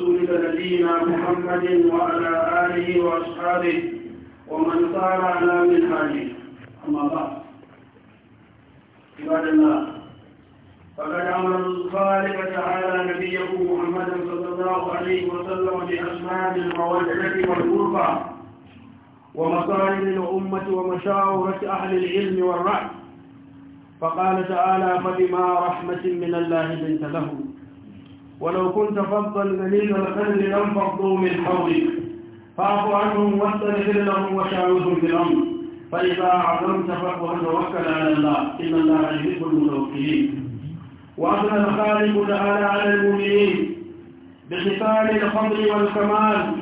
رسولك نبينا محمد وعلى آله وأصحابه ومن صار على منهاجه أما بعد عباد الله فقد أمر الخالق تعالى نبيه محمد صلى الله عليه وسلم بأسماء المودة والقربى ومصالح الأمة ومشاورة أهل العلم والرأي فقال تعالى فبما رحمة من الله لنت لهم ولو كنت فظا غليظ القلب لانفضوا من حولك فاعف عنهم واستغفر لهم وشاورهم في الامر فاذا عزمت فتوكل على الله ان الله يحب المتوكلين واثنى الخالق تعالى على المؤمنين بخصال الفضل والكمال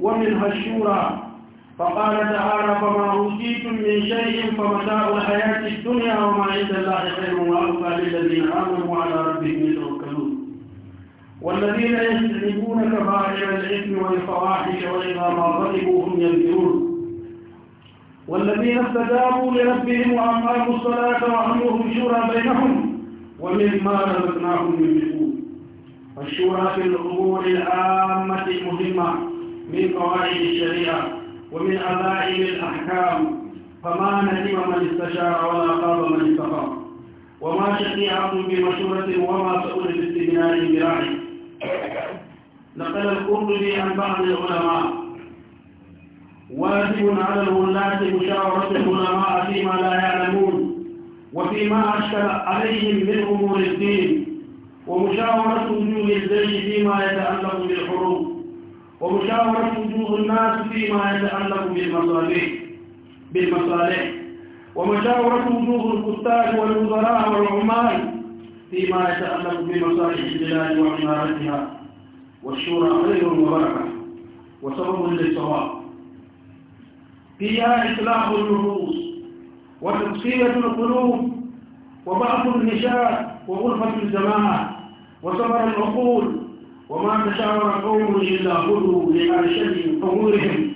ومنها الشورى فقال تعالى فما اوتيتم من شيء فمتاع الحياه الدنيا وما عند الله خير وابقى للذين امنوا وعلى ربهم يتوكلون والذين يجتنبون كبائر الإثم والفواحش وإذا ما غلبوا هم ينذرون والذين استجابوا لربهم وأقاموا الصلاة وأمرهم شورى بينهم ومما رزقناهم ينفقون الشورى في الأمور العامة مهمة من قواعد الشريعة ومن عزائم الأحكام فما ندم من استشار ولا خاب من استقام وما شقي بمشورة وما في باستبناء براعي نقل القرطبي عن بعض العلماء واجب على الولاة مشاورة العلماء فيما لا يعلمون وفيما أشكل عليهم من أمور الدين ومشاورة وجوه الزي فيما يتعلق بالحروب ومشاورة وجوه الناس فيما يتعلق بالمصالح بالمصالح ومشاورة وجوه الكتاب والوزراء والعمال فيما يتعلق بمصالح البلاد وعمارتها والشورى خير وبركة وسبب للثواب فيها إصلاح النفوس وتزكية القلوب وبعث النشاط وغرفة الجماعة وسفر العقول وما تشاور قوم إلا خذوا لأرشد أمورهم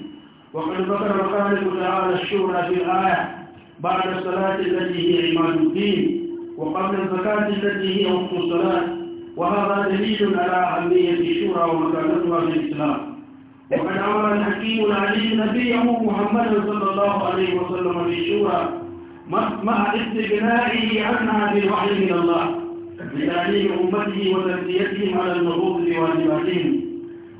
وقد ذكر الخالق تعالى الشورى في الآية بعد الصلاة التي هي عماد الدين وقبل الزكاة التي هي وقت الصلاة وهذا دليل على أهمية الشورى ومكانتها في الإسلام وقد أمر الحكيم العليم نبيه محمد صلى الله عليه وسلم بالشورى مع استغنائه عنها بالوحي من الله لتعليم أمته وتربيتهم على النهوض بواجباتهم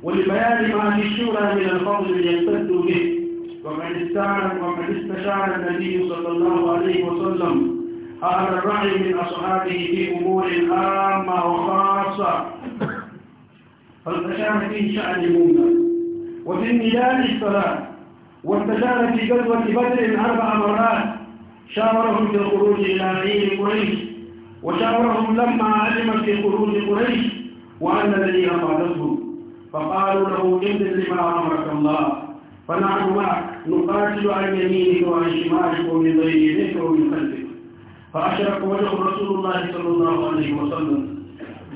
ولبيان ما في الشورى من الفضل ليمتدوا به وقد استعان وقد استشار النبي صلى الله عليه وسلم أهل الرعي من أصحابه في أمور عامة وخاصة فالتشار في شأن منى وفي النداء الصلاة والتشار في جدوة بدر أربع مرات شاورهم في الخروج إلى عين قريش وشاورهم لما علم في خروج قريش وأن الذي أرادته فقالوا له جد لما أمرك الله فنحن معك نقاتل عن يمينك وعن شمالك ومن غير ذكر ومن خلفك فأشرق وجه رسول الله صلى الله عليه وسلم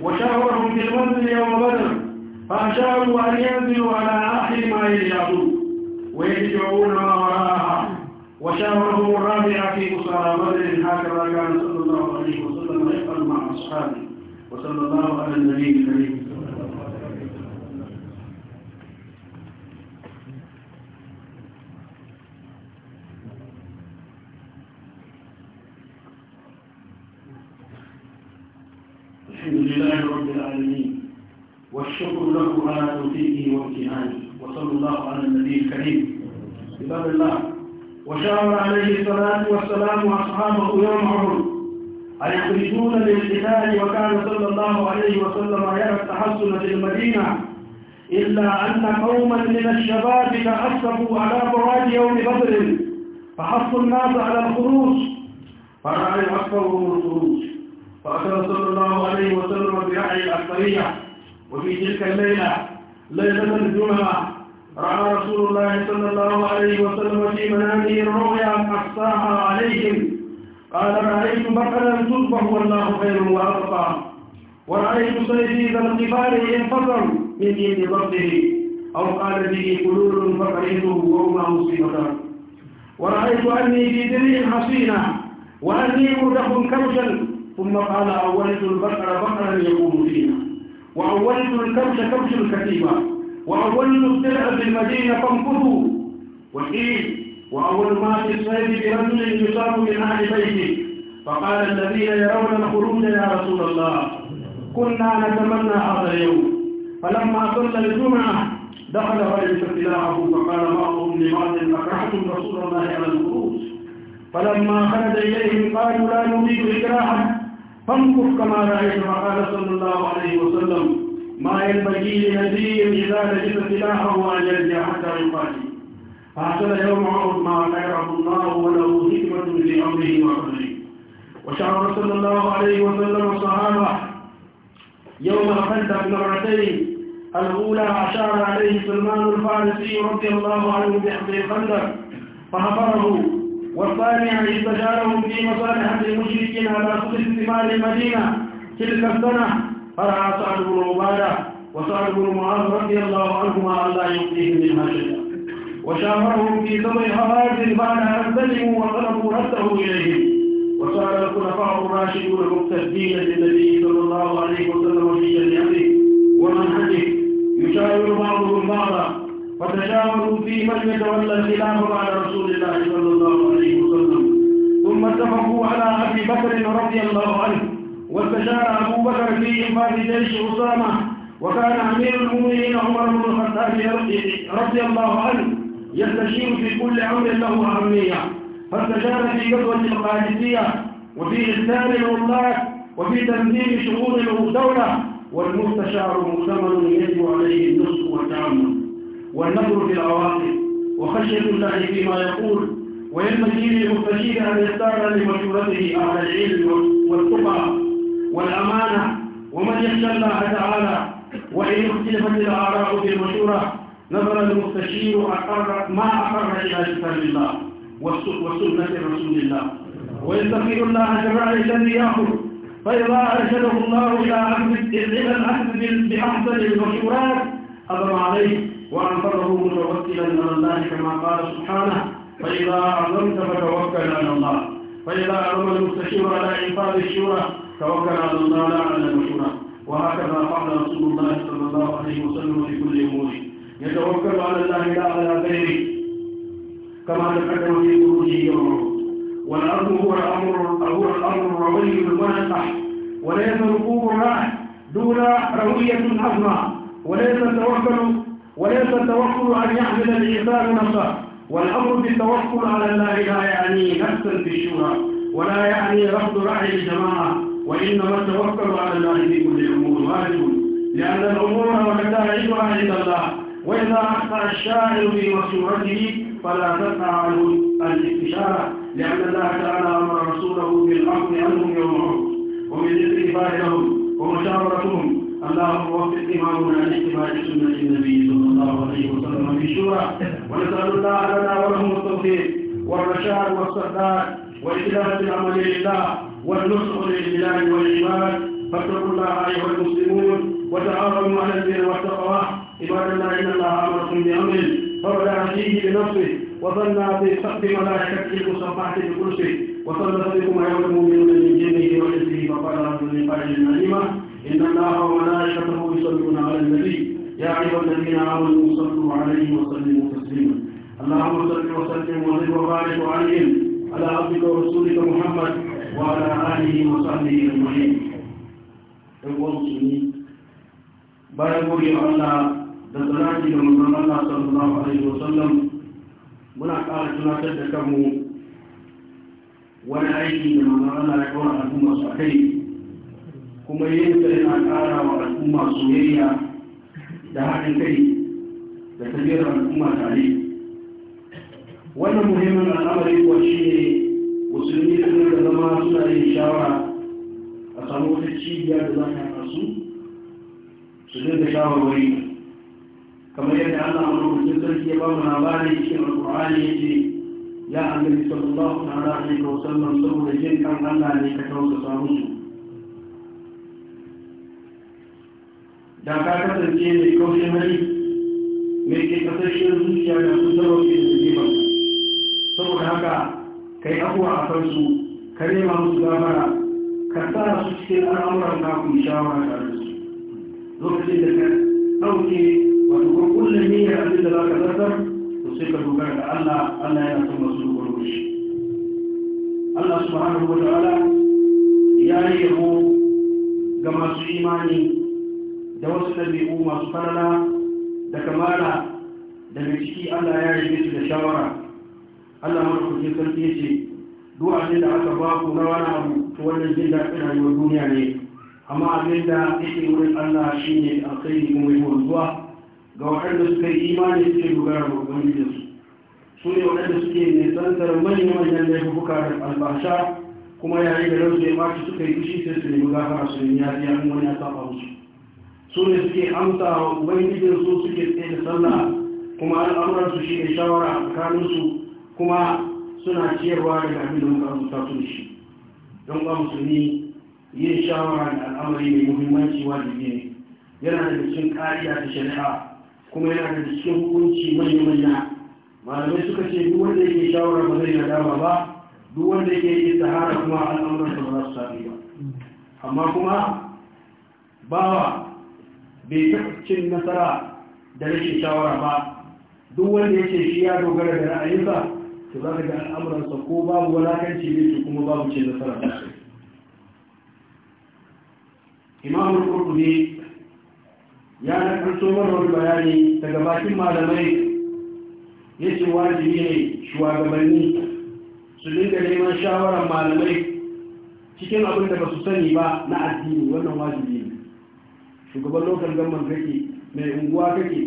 وشاورهم في المنزل يوم بدر فأشاروا أن ينزلوا على آخر ما يريدون ويرجعون ما وراءها وشاورهم الرابعة في مصارى بدر هكذا كان صلى الله عليه وسلم يفعل مع أصحابه وصلى الله على النبي الكريم الحمد لله رب العالمين والشكر له على توفيقه وامتهانه وصلى الله على النبي الكريم عباد الله وشاور عليه الصلاة والسلام أصحابه يوم عمر ايخرجون للقتال وكان صلى الله عليه وسلم يرى التحصن في المدينة إلا أن قوما من الشباب تعصبوا على براد يوم بدر فحصوا الناس على الخروج فرأى أكثرهم الخروج فأشار صلى الله عليه وسلم برعي الأكثرية وفي تلك الليلة ليلة الجمعة رأى رسول الله صلى الله عليه وسلم في منامه رؤيا أقصاها عليهم قال رأيت بقرا تذبح والله خير وأبقى ورأيت سيفي ذا القبال ينفطر من دين ضده أو قال به قلول فقريته وهما مصيبة ورأيت أني في دنيا حصينة وأني مردح كوشا ثم قال أولد البقر بقرا يقوم فيها وأولد الكبش كبش كثيبا وأولد الدرع في المدينة فانفذوا وقيل وأول ما في الصيد برجل يصاب من أهل بيته فقال الذين يرون الخروج يا رسول الله كنا نتمنى هذا اليوم فلما صلى الجمعة دخل رجل سلاحه فقال بعضهم لبعض أكرهتم رسول الله على الخروج فلما خرج إليهم قالوا لا نريد إكراهه فانفق كما رأيت وقال صلى الله عليه وسلم ما ينبغي لنبي إذا لجد سلاحه أن يرجع حتى يقاتل فحصل يوم عرض ما غيره الله وله حكمة في أمره وقدره وشعر صلى الله عليه وسلم الصحابة يوم الخندق مرتين الأولى أشار عليه سلمان الفارسي رضي الله عنه بحفظ الخندق فحفره والثاني ان استجارهم في مصالحة المشركين على سوق استثمار المدينة تلك السنة فرعى سعد بن عبادة وسعد بن معاذ رضي الله عنهما ألا يؤتيهم منها شيئا وشامرهم في سبع هوازن بعد أن سلموا وطلبوا رده إليهم وسأل الخلفاء الراشدون مقتدين للنبي صلى الله عليه وسلم في شريعته ومنهجه يشاور بعضهم بعضا وتشاوروا في من يتولى الخلاف على رسول الله صلى الله عليه وسلم ثم اتفقوا على أبي بكر رضي الله عنه واستشار أبو بكر في إنفاذ جيش أسامة وكان أمير المؤمنين عمر بن الخطاب رضي الله عنه يستشير في كل أمر له أهمية فاستشار في غزوة القادسية وفي إسلام الولاة وفي تنظيم شؤون الدولة والمستشار مؤتمر يجب عليه النصح والتعامل والنظر في العواقب وخشية الله فيما يقول وينبغي للمستشير أن يختار لمشورته أهل العلم والتقى والأمانة ومن يخشى الله تعالى وإن اختلفت الآراء في المشورة نظر المستشير أقر ما أقر إلى كتاب الله وسنة رسول الله ويستغفر الله بالرأي الذي يأخذ فإذا أرشده الله إلى الأخذ بأحسن المشورات أضر عليه وأنفضه متوكلا على الله كما قال سبحانه فإذا عظمت فتوكل على الله فإذا عظم المستشير على إنفاذ الشورى توكل على الله لا على المشورى وهكذا قال رسول الله صلى الله عليه وسلم في كل أموره يتوكل على الله لا على غيره كما تقدم في خروجه يوم والأرض هو الأمر هو الأمر الروي المنقح وليس ركوب الراح دون روية عظمى وليس التوكل وليس التوكل أن يحمل الإنسان نفسه والأمر بالتوكل على الله لا يعني نفسا في الشورى ولا يعني رفض رأي الجماعة وإنما التوكل على الله في كل الأمور واجب لأن الأمور مكتاعبها عند الله وإذا أخطأ الشاعر في مسورته فلا تسعى عنه الاستشارة لأن الله تعالى أمر رسوله بالأمر عنهم يوم ومن ذكر لهم ومشاورتهم اللهم وفق إمامنا لاتباع سنة النبي صلى الله عليه وسلم في الشورى ونسأل الله لنا ولهم التوفيق والرشاد والسداد وإخلاص العمل لله والنصح لله والعباد فاتقوا الله أيها المسلمون وتعاونوا على البر والتقوى عباد الله إن الله أمركم بأمر فرد فيه بنفسه وظن في سقف ملائكته المصفحة بكرسي وصلى بكم أيها المؤمنون من جنه وإنسه فقال رب لقائل عليمه إن الله وملائكته يصلون على النبي يا أيها الذين آمنوا صلوا عليه وسلموا تسليما اللهم صل وسلم وزد وبارك عليهم على عبدك ورسولك محمد وعلى آله وصحبه أجمعين أيها المسلمين bayan gode wa Allah da صلى الله عليه وسلم muna ƙara tunatar da kanmu wani aiki da Allah ya kawo al'umma su a kai kuma yin sa yana ƙara wa al'umma soyayya da haɗin kai da tafiyar al'umma tare wannan muhimmin al'amari kuwa shi ne musulmi suna da zama suna yin shawara a samu wata cibiya da za ta kasu su dinga shawarwari kamar yadda Allah mutum sarki ya ba mu labarin cikin alƙur'ani yake ya annabi sallallahu alaihi wa sallam saboda jin kan Allah ne ka tausasa musu da ka kasance mai kaushin hali mai ke kasashen zuciya da sun zama ke zuciya saboda haka ka yi abuwa a kansu ka nema musu gabara, ka tsara su cikin al'amuran ka ku shawara tare da su lokacin da ka ɗauke wato ko kullum niyyar abin da za ka zartar to sai ka dogara da Allah Allah yana son masu dogaro shi Allah subhanahu wa ta'ala ya yi yabo ga masu imani da wasu ɗabi'u masu falala da kamala daga ciki allah ya rage su da shawara allah maɗaukacin sarki ya ce duk abin da aka ba ku na wani abu to wannan jin daɗin rayuwar duniya ne amma abin da yake wurin allah shi ne alkhairi kuma yi wanzuwa ga waɗanda suka yi imani suke dogara ga ubangijinsu su ne waɗanda suke nisantar manyan laifuka da albasha kuma yayin da rauzu ya ɓaci suka yi fushi sai su nemi gafara su nemi yafiya in wani ya saba musu su ne suke amsa wa ubangijin su suke tsaye da sallah kuma al'amuran su shi ne shawara a tsakanin su kuma suna ciyarwa daga abin da muka su shi don ba musulmi yin shawara da al'amari mai muhimmanci wajibi ne yana da cikin kariya ta shari'a kuma yana da cikin hukunci manya-manya malamai suka ce duk wanda yake shawara ba zai nadama ba duk wanda yake yi tahara kuma al'amuran ba za su sami ba amma kuma bawa bai taɓa cin nasara da rashin shawara ba duk wanda yake shi ya dogara da ra'ayinsa to za ka ga al'amuransa ko babu walakanci ne to kuma babu cin nasara ba imamul ne ya karso mana wani bayani daga bakin malamai ya ce wajibi ne shugabanni su dinga neman shawarar malamai cikin abin da ba su sani ba na addini wannan wajibi shugaban lokal gamman kake mai unguwa kake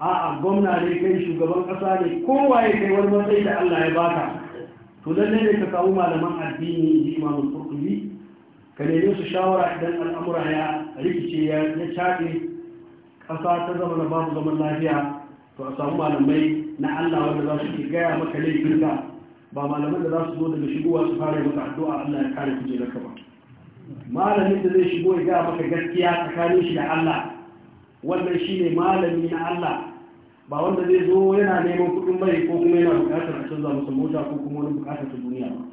a'a gwamna ne kai shugaban ƙasa ne ya kai wani matsayi da Allah ya baka to lalle ne ka samu malaman addini in ji imamul qurtubi ka nemi su shawara idan al'amura ya rikice ya caɗe ƙasa ta zama na babu zaman lafiya to a samu malamai na Allah wanda za su ke gaya maka laifin ba malamai da za su zo daga shigowa su fara maka addu'a Allah ya kare kujerarka ba malamin da zai shigo ya gaya maka gaskiya tsakanin shi da Allah wannan shi ne malami na Allah ba wanda zai zo yana neman kuɗin mai ko kuma yana buƙatar a canza masa mota ko kuma wani buƙatar ta duniya ba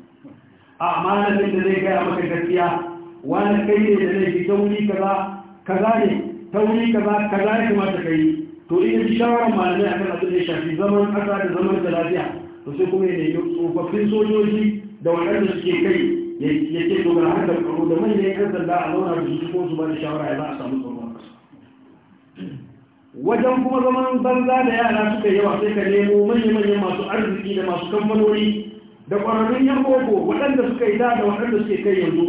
a malamin da zai gaya maka gaskiya wani kai ne da zai fi tauri kaza kaza ne tauri kaza kaza ne kuma ta kai to in shawarar malamai a abin da ya shafi zaman ƙasa da zaman da lafiya to sai kuma ya nemi tsofaffin sojoji da waɗanda suke kai ya ce to da a zauna da su da shawara ya za a samu wajen kuma zaman banza da yara suka yawa sai ka nemo manya-manyan masu arziki da masu kamfanoni da ƙwararrun yan boko waɗanda suka yi da waɗanda suke kai yanzu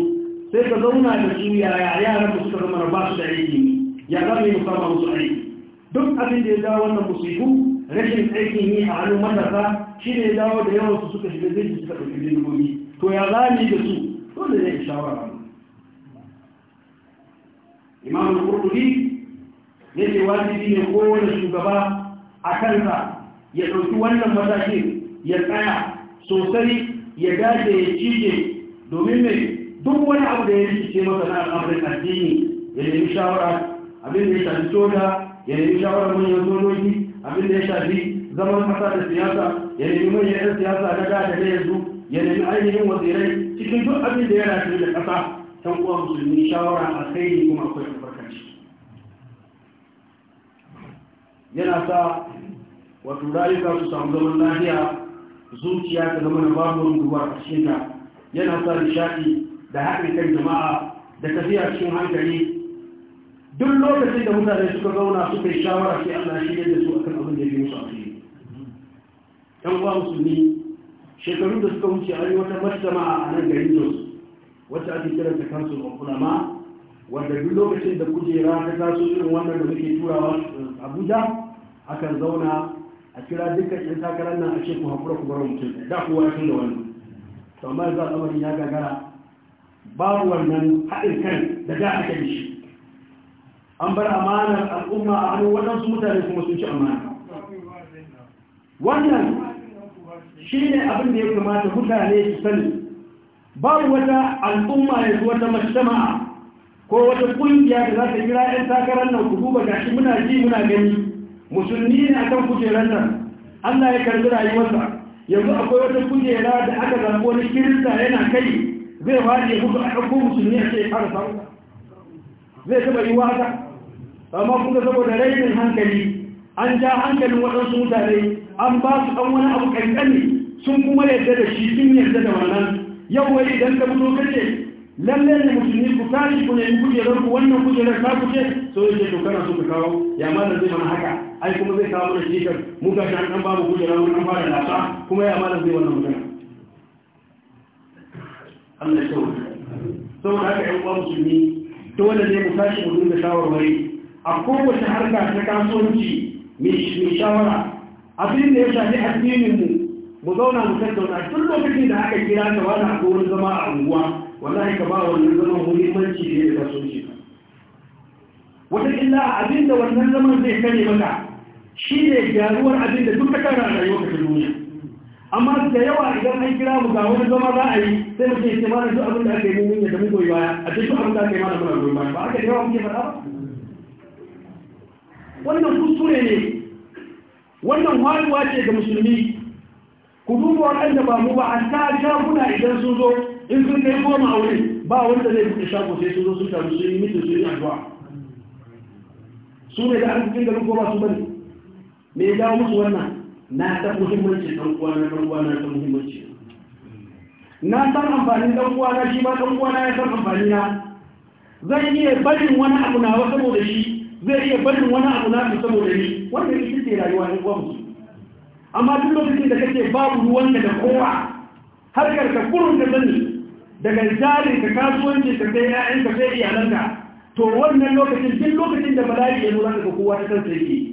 sai ka zauna da su yaya yaran da suka zama ba su da aiki ne ya za mu yi musamman musu aiki duk abin da ya dawo wannan musiku rashin aikin yi a hannun matasa shi ne ya dawo da yawan su suka shiga zai suka ɗauki jirgogi to ya za mu da su da zai shawara imam al-qurtubi yace wajibi ne kowane shugaba a kansa ya ɗauki wannan mataki ya tsaya sosai ya dace ya cije domin mai duk wani abu da ya rikice masa na al'amarin addini ya nemi shawara abin da ya shafi soja ya nemi shawarar manyan sojoji abin da ya shafi zaman kasa da siyasa ya nemi manyan 'yan siyasa na da da yanzu Yanayin ainihin wazirai cikin duk abin da ya shirya da ƙasa ta kuwa musulmi shawara a kai ne kuma akwai albarkaci yana sa wato rayuka su samu zaman lafiya zuciya ta zama na babu ruwa a cikinta yana sa nishaɗi da haɗin kan jama'a da tafiya cikin hankali duk lokacin da mutane suka zauna suka yi shawara sai Allah shi yadda su akan abin da ya fi musu a fiye. ‘Yan uwa musulmi shekarun da suka wuce a yi wata mashtama a nan garin jos wacce ake kiran ta kansu a kulama wanda duk lokacin da kujera ta taso irin wannan da muke turawa eh, abuja akan zauna a kira dukkan yan takarar nan a ce ku haƙura ku bar mutum da kuwa ya da wani. to amma yanzu al'amarin ya gagara babu wannan haɗin kan da da aka yi shi an bar amanar al'umma a hannun waɗansu mutane kuma sun ci amana wannan shi ne abin da ya kamata mutane su sani babu wata al'umma ya yanzu wata majtama'a ko wata kungiya da za ta kira 'yan takarar nan ku ba gashi muna ji muna gani musulmi ne kan kujerar nan Allah ya karbi rayuwarsa yanzu akwai wata kujera da aka zaɓi wani kirista yana kai zai waje muku a ɗauko musulmi a ce fara sauka zai taɓa yi wata amma kuma saboda rainin hankali an ja hankalin waɗansu mutane an ba su ɗan wani abu ƙanƙani sun kuma yadda da shi sun yadda da wannan yau wai idan ka fito kace lalle ne musulmi ku tashi ku nemi da ku wannan kujerar ta ku je? so yake to kana so ka kawo ya malam zai mana haka ai kuma zai kawo mana shekar mu ga an an babu da mu an fara lafa. kuma ya malam zai wannan mutum Allah ya so saboda haka ƴan uwa musulmi dole ne mu tashi mu dinga shawarwari a kowace harka ta kasuwanci mai shawara abin da ya shafi addinin mu mu zauna mu tattauna tun lokacin da aka kira ka ba na wurin zama a unguwa wallahi ka ba wannan zaman muhimmanci ne da kaso ce wata illa abinda wannan zaman zai kare maka shi ne gyaruwar abinda duk ka kara a rayuwar ta duniya amma da yawa idan an kira mu ga wani zama za a yi sai mu ce ma da duk abin da aka yi mun yi da mun goyi baya a duk abin da aka yi ma da muna goyi baya ba aka yawa muke faɗa ba wannan kuskure ne wannan wayewa ce ga musulmi ku duba waɗanda ba mu ba a ta shaguna idan sun zo in sun kai goma aure ba wanda zai buɗe shago sai sun zo sun taru sun yi mutum sun yi addu'a su ne da arzikin garin ko ba su bane me ya dawo musu wannan na ta muhimmanci ɗan uwana ɗan na ta muhimmanci na san amfanin ɗan na shi ma ɗan na ya san amfani na zai iya barin wani abu na saboda shi zai iya barin wani abu na saboda shi wanda ita ce rayuwa ne, uwa musu amma duk lokacin da kake babu ruwanka da kowa harkar ka kurun ka sani daga jari ka kasuwanci ka sai ya'yan ka sai iyalanka to wannan lokacin duk lokacin da malaki ya zo zaka ga kowa ta san sai ke,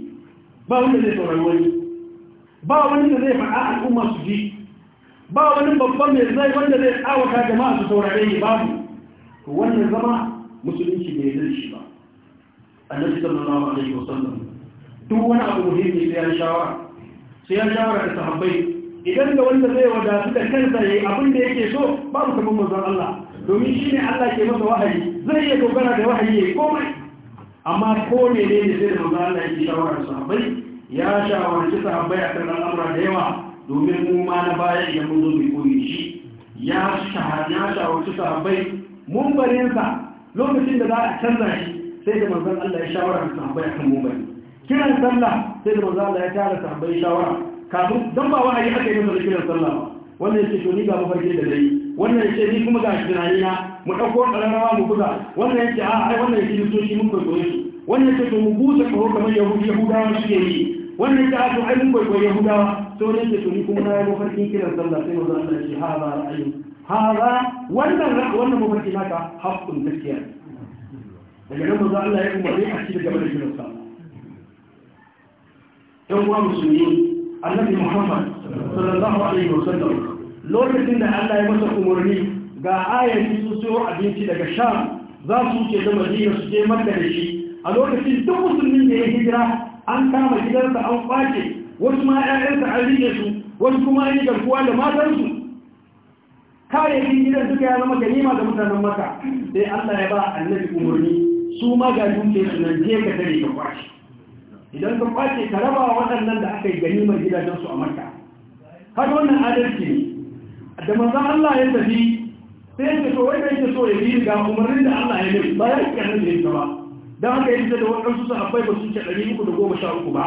ba wanda zai saurari wani ba wani da zai faɗa al'umma su ji ba wani babban mai zai wanda zai tsawata jama'a su saurare ne babu to wannan zama musulunci bai zai shi ba annabi sallallahu alaihi wasallam duk wani abu muhimmi sai ya shawara sai ya shawara da sahabbai idan da wanda zai wadatu da kansa yayi abin da yake so babu kamar manzon Allah domin shi ne Allah ke masa wahayi zai iya dogara da wahayi ne komai amma ko ne ne sai da manzon Allah ya shawara da sahabbai ya shawarci sahabbai kan al'amura da yawa domin mu ma na baya idan mun zo mu koyi shi ya shawarci sahabbai mun sa lokacin da za a canza shi sai da manzon Allah ya shawara da sahabbai akan mun bari kiran sallah sai da manzo Allah ya tara tambayi shawara kafin dan ba wani aka yi masa kiran sallah ba wannan yake to ni ga mafarki da dai wannan yake ni kuma ga tunani na mu dauko kararrawa mu buga wannan yake a ai wannan yake to shi mun koyo shi wannan yake to mu busa ko kamar yahudi yahudawa suke yi wannan yake a to ai mun koyo yahudawa to ne yake to ni kuma na yi mafarki kiran sallah sai manzo Allah yace ha ba ra'ayi ha ba wannan wannan mafarki naka hakkun gaskiya daga nan manzo Allah ya umarni a cikin gaba da kiran sallah yan uwa musulmi annabi muhammad sallallahu alaihi wasallam lokacin da Allah ya masa umarni ga ayati su siyo abinci daga sham za su wuce zama madina su je makka da shi a lokacin duk musulmin da ya hijira an kama gidansa an kwace wasu ma 'ya'yansa an rike su wasu kuma an yi garkuwa da matansu kayayyakin gidan suka ya zama ganima da mutanen maka sai Allah ya ba annabi umarni su ma ga duke su nan je ka tare ka kwace idan ka kwace ka raba wa waɗannan da aka yi ganimar gidajensu a makka har wannan adalci ne da manzan Allah ya tafi sai ya so wai yake so ya yi ga umarnin da Allah ya yi ba ya kiyar da ya ba dan haka ya fita da waɗansu sahabbai ba su ce ɗari uku da goma sha uku ba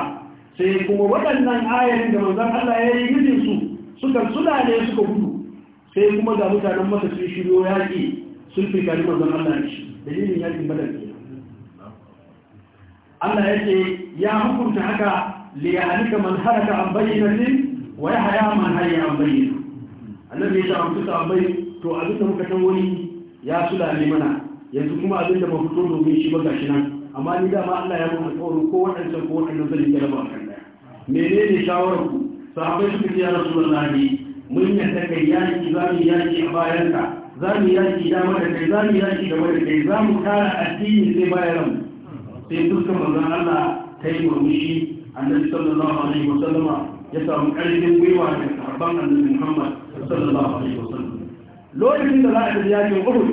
sai kuma waɗannan ayarin da manzan Allah ya yi mijin su suka sulale suka gudu sai kuma ga mutanen masa sun shiryo yaƙi sun fi kari manzan Allah da shi dalilin yaƙin badar Allah yake ya hukunta haka liyalika man haraka an bayyinatin wa haya man hayya an bayyina annabi ya ce an bai to abin da muka san wani ya sula ne mana yanzu kuma abin da ba fito domin shi ba gashi nan amma ni dama Allah ya mun alƙawarin ko waɗancan ko waɗannan zan yi raba kan daya menene shawarar ku sahabbai suka ce ya rasulullahi mun yadda kai yaki za mu yaki a bayanka za mu yaki dama da kai za mu yaki da wani kai za mu kara addini sai bayan mu. sai dukkan manzon Allah ta yi murmushi annabi sallallahu alaihi wasallama ya samu karfin gwiwa da sahabban annabi Muhammad sallallahu alaihi wasallam lokacin da za a tafi yakin Uhud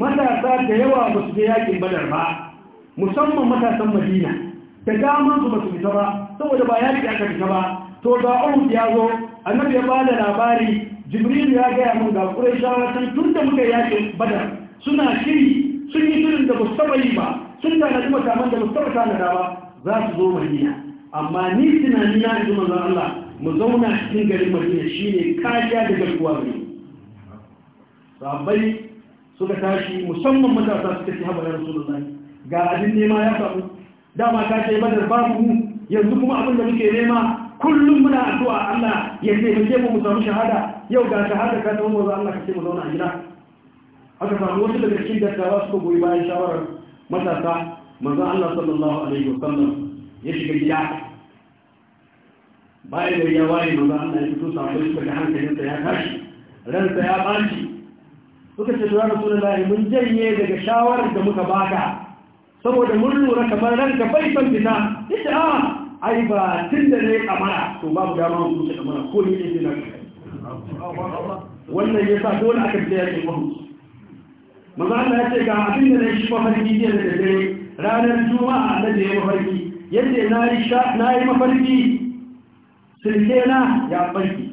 matasa da yawa ba su je yakin Badar ba musamman matasan Madina da daman su ba su fita ba saboda ba yaki aka fita ba to ga Uhud ya zo annabi ya bada labari Jibril ya gaya mun ga Qurayshawa tun da muka yakin Badar suna shiri sun yi shirin da ba su taba yi ba tun da na ji makaman da mustar ta na dawa za su zo madina amma ni tunani na ji manzon Allah mu zauna cikin garin madina shine kariya da garkuwa ne sabai suka tashi musamman matasa suka ci haɓar rasulullahi ga abin nema ya samu dama ka ce badar babu mu yanzu kuma abin da muke nema kullum muna addu'a Allah ya taimake mu mu samu shahada yau ga shahada ka samu wanzu Allah ka ce mu zauna a gida aka samu wasu daga cikin dattawa suka goyi bayan shawarar matasa manzan Allah sallallahu alaihi wasallam ya shiga gida bayan da ya waye manzan Allah ya fito kai suka ga hankalinsa ya tashi ransa ya baci suka ce ya rasulullahi mun janye daga shawarar da muka baka saboda mun lura kamar ranka bai san fita yace a ah, ai ba tun da ne kamara to babu dama mu kuce kamara ko ni ne na wannan ya sa dole aka ya ne mahu maza ya ce ga abin da na shi mafarki jiya da dare ranar juma'a a da ya mafarki yadda na yi mafarki sirke na ya farki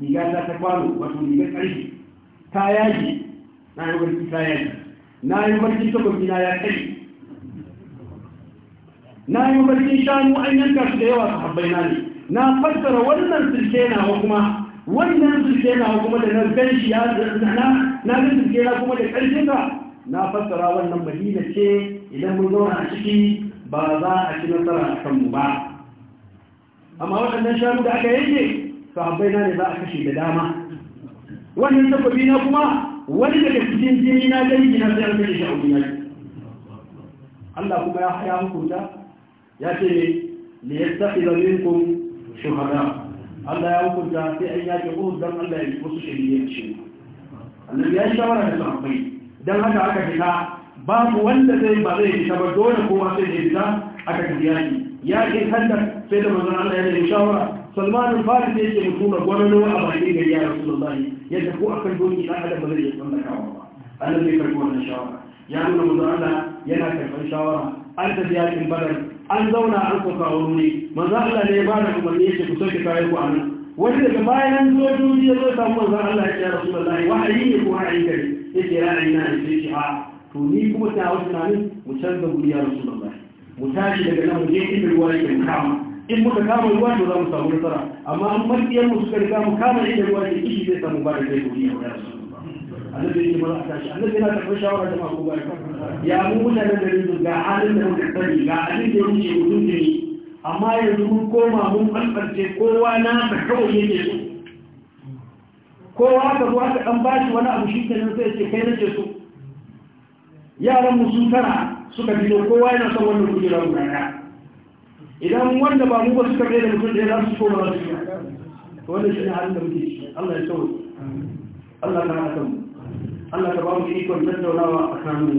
diga ta ta kwano wato rigar ƙarfi ta yaji na yi mafarki ta yaji na yi mafarki takobi na ya kai na yi mafarki shanu an yanka su da yawa su habbai na ne na fassara wannan sirke na kuma wannan sirke na kuma da na gan ya na na bincike na kuma da ƙarfin ka na fassara wannan madina ce idan mun zauna a ciki ba za a ci nasara a kanmu ba amma waɗannan shanu da aka yanke sahabbai na ne za a kashe da dama wannan tabbabi na kuma wani daga cikin jini na gani na sai an kashe shi a wuri Allah kuma ya haya hukunta ya ce ne ya tafi da minkum shuhada Allah ya hukunta sai an yake ko dan Allah ya wasu shahidai a cikin annabi ya yi shawara da sahabbai dan haka aka fita babu wanda zai ba zai fita ba dole kowa sai ya fita aka tafi yaki yaƙin hanta, sai da mazan Allah ya da shawara salmanin fara sai yake mutu na gwamnati a bakin gari ya rasu lullahi ya tafi a kan doki na adam ba zai yi tsanda kawo ba zai karɓi wannan shawara ya nuna mazan Allah yana karɓar shawara an tafi yaƙin badar an zauna an kokawa wuri mazan Allah ne ba da umarni yake ku sauke kayan ku a nan wani daga bayan zuwa duniya zai samu wanzan Allah ya ce rasu da lahi wahayi ne ko wahayi gari ya ce ra'ayi na ne shi a to ni kuma ta wasu na tunanin mu canza guri ya rasu da lahi mu tashi daga nan mu je inda ruwa yake kama in muka kama ruwa to za mu samu nasara amma an matsiyar mu suka riga mu kama inda ruwa ke ishi zai samu ba da kai guri ya rasu annabi yake mana tashi annabi yana karɓar shawara da mako ba ya mu mutanen garin ga halin da muka sani ga abin da wuce mutum ne amma yanzu mun koma mun ɓalɓarce kowa na ba kawai yake so kowa ka zuwa ka ɗan bashi wani abu shi kenan sai ce kai nake so yaran mu sun tara suka fito kowa yana son wannan kujera guda ɗaya idan wanda ba mu ba suka kai da mutum ɗaya za su so ba su to wannan shi ne halin da muke Allah ya sauke Allah ka haɗa mu Allah ka ba mu ikon tattaunawa a kanmu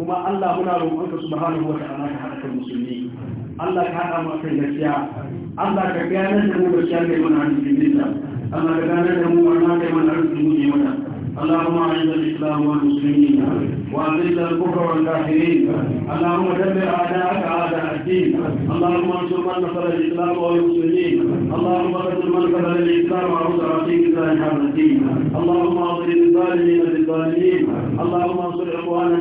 kuma Allah muna roƙonka subhanahu wa ta'ala ka haɗa kan musulmi Allah ka haɗa mu Allah ka gane da mu gaskiya kai Allah ka gane da mu wannan kai اللهم اعز الاسلام والمسلمين واذل الكفر والكافرين اللهم دمر اعداءك اعداء الدين اللهم انصر من نصر الاسلام والمسلمين اللهم قتل من قتل الاسلام وانصر في كتاب الدين اللهم اضل الظالمين للظالمين اللهم انصر اخواننا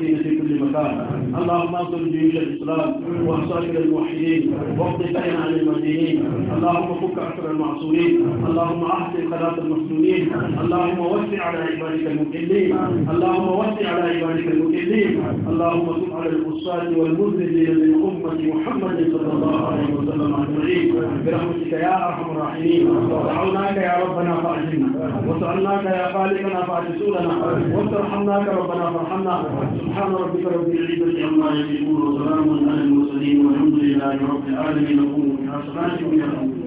المتقين في كل مكان اللهم انصر جيوش الاسلام وانصر الموحدين واقض دين عن المدينين اللهم فك اسر المعصومين اللهم احسن قناه المسلمين اللهم وسع على عبادك المكلين اللهم وسع على عبادك المكلين اللهم تب على القصاد والمذنبين من امه محمد صلى الله عليه وسلم اجمعين برحمتك يا ارحم الراحمين دعوناك يا ربنا فاعجلنا وسالناك يا خالقنا فاعجسولنا وارحمناك ربنا فارحمنا سبحان ربك رب العزة عما يصفون وسلام على المرسلين والحمد لله رب العالمين نقوم بحسنات من الأمر